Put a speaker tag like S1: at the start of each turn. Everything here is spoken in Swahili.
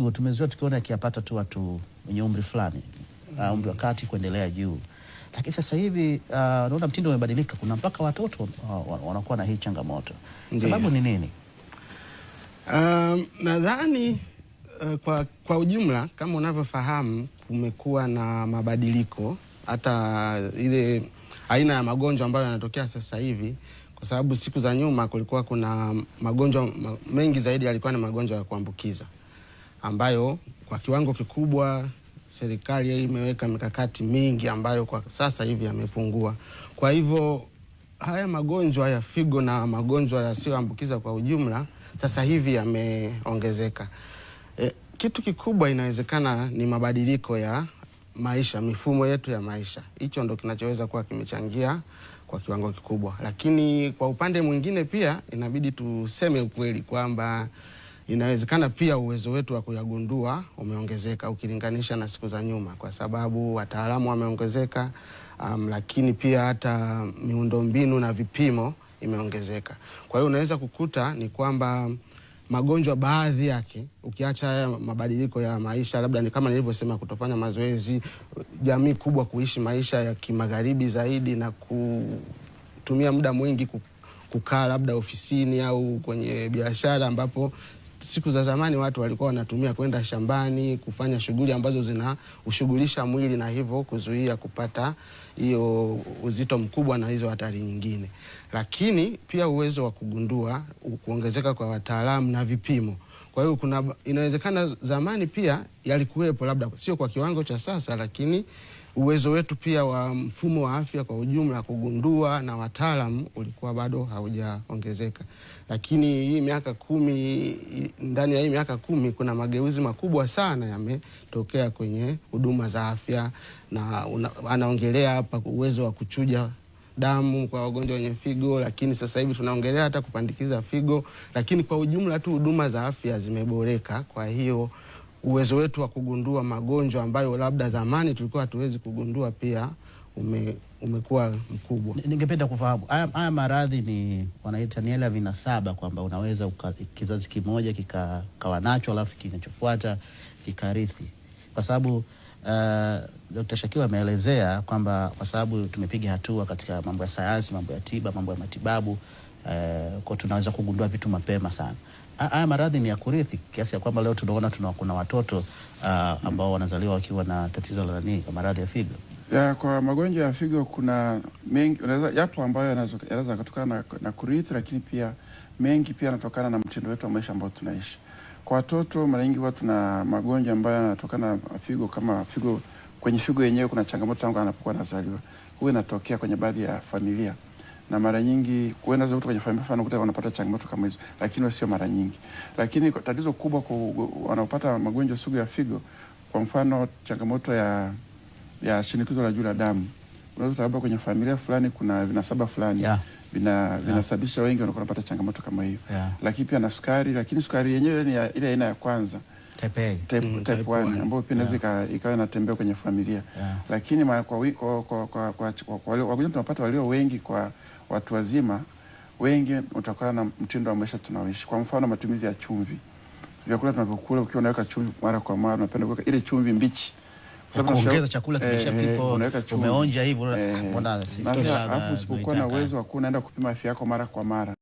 S1: mapigo tumezoea tukiona akiyapata tu watu wenye umri fulani mm. uh, umri wa kati kuendelea juu, lakini sasa hivi uh, naona uh, mtindo umebadilika, kuna mpaka watoto uh, wanakuwa na hii changamoto. Sababu ni nini?
S2: Um, nadhani uh, kwa, kwa ujumla kama unavyofahamu kumekuwa na mabadiliko hata ile aina ya magonjwa ambayo yanatokea sasa hivi kwa sababu siku za nyuma kulikuwa kuna magonjwa mengi zaidi, yalikuwa ni magonjwa ya kuambukiza ambayo kwa kiwango kikubwa serikali imeweka mikakati mingi ambayo kwa sasa hivi yamepungua. Kwa hivyo haya magonjwa ya figo na magonjwa yasiyoambukiza kwa ujumla sasa hivi yameongezeka. E, kitu kikubwa inawezekana ni mabadiliko ya maisha, mifumo yetu ya maisha. Hicho ndo kinachoweza kuwa kimechangia kwa kiwango kikubwa, lakini kwa upande mwingine pia inabidi tuseme ukweli kwamba Inawezekana pia uwezo wetu wa kuyagundua umeongezeka ukilinganisha na siku za nyuma, kwa sababu wataalamu wameongezeka, um, lakini pia hata miundombinu na vipimo imeongezeka. Kwa hiyo unaweza kukuta ni kwamba magonjwa baadhi yake, ukiacha haya mabadiliko ya maisha, labda ni kama nilivyosema, kutofanya mazoezi, jamii kubwa kuishi maisha ya kimagharibi zaidi na kutumia muda mwingi kukaa labda ofisini au kwenye biashara ambapo siku za zamani watu walikuwa wanatumia kwenda shambani kufanya shughuli ambazo zinaushughulisha mwili na hivyo kuzuia kupata hiyo uzito mkubwa na hizo hatari nyingine. Lakini pia uwezo wa kugundua, kuongezeka kwa wataalamu na vipimo. Kwa hiyo kuna inawezekana zamani pia yalikuwepo, labda sio kwa kiwango cha sasa, lakini uwezo wetu pia wa mfumo wa afya kwa ujumla kugundua na wataalam ulikuwa bado haujaongezeka. Lakini hii miaka kumi, ndani ya hii miaka kumi kuna mageuzi makubwa sana yametokea kwenye huduma za afya, na una, anaongelea hapa uwezo wa kuchuja damu kwa wagonjwa wenye figo, lakini sasa hivi tunaongelea hata kupandikiza figo, lakini kwa ujumla tu huduma za afya zimeboreka. Kwa hiyo uwezo wetu wa kugundua magonjwa ambayo labda zamani tulikuwa hatuwezi kugundua pia ume, umekuwa mkubwa.
S1: Ningependa kufahamu haya maradhi ni wanaita ni hela vinasaba, kwamba unaweza uka, kizazi kimoja kikawa nacho alafu kinachofuata kikarithi, kwa sababu Uh, eh, Dr. Shakiwa ameelezea kwamba kwa sababu tumepiga hatua katika mambo ya sayansi, mambo ya tiba, mambo ya matibabu Eh, kwa tunaweza kugundua vitu mapema sana. Ah, haya maradhi ni ya kurithi kiasi ya kwamba leo tunaona tuna kuna watoto uh, ambao wanazaliwa wakiwa na tatizo la nani, kwa maradhi ya figo
S2: ya, kwa magonjwa ya figo kuna mengi, unaweza, yapo ambayo yanaweza kutokana na, na kurithi, lakini pia mengi pia yanatokana na mtindo wetu wa maisha ambao tunaishi. Kwa watoto mara nyingi huwa tuna magonjwa ambayo yanatokana na figo, kama figo kwenye figo yenyewe kuna changamoto tangu anapokuwa anazaliwa, huwa inatokea kwenye baadhi ya familia na mara nyingi kuenda zote kwenye familia fulani unakuta wanapata changamoto kama hizo, lakini sio mara nyingi. Lakini tatizo kubwa kwa wanaopata magonjwa sugu ya figo, kwa mfano changamoto ya ya shinikizo la juu la damu, unaweza labda kwenye familia fulani kuna vinasaba fulani yeah vina vinasababisha yeah. wengi wanakuwa wanapata changamoto kama hiyo yeah. Lakini pia na sukari, lakini sukari yenyewe ni ya, ile aina ya kwanza type mm, ambayo pia inaweza ikawa inatembea kwenye familia yeah. Lakini kwa kwa kwa kwa, kwa, kwa tunapata walio wengi kwa watu wazima wengi utakana na mtindo wa maisha tunaoishi. Kwa mfano matumizi ya chumvi, vyakula tunavyokula, ukiwa unaweka chumvi mara kwa mara, unapenda kuweka ile chumvi mbichi kuongeza chakula kimeshapikwa, eh, eh, umeonja hivyo, eh, na uwezo wa kuwa unaenda kupima afya yako mara kwa mara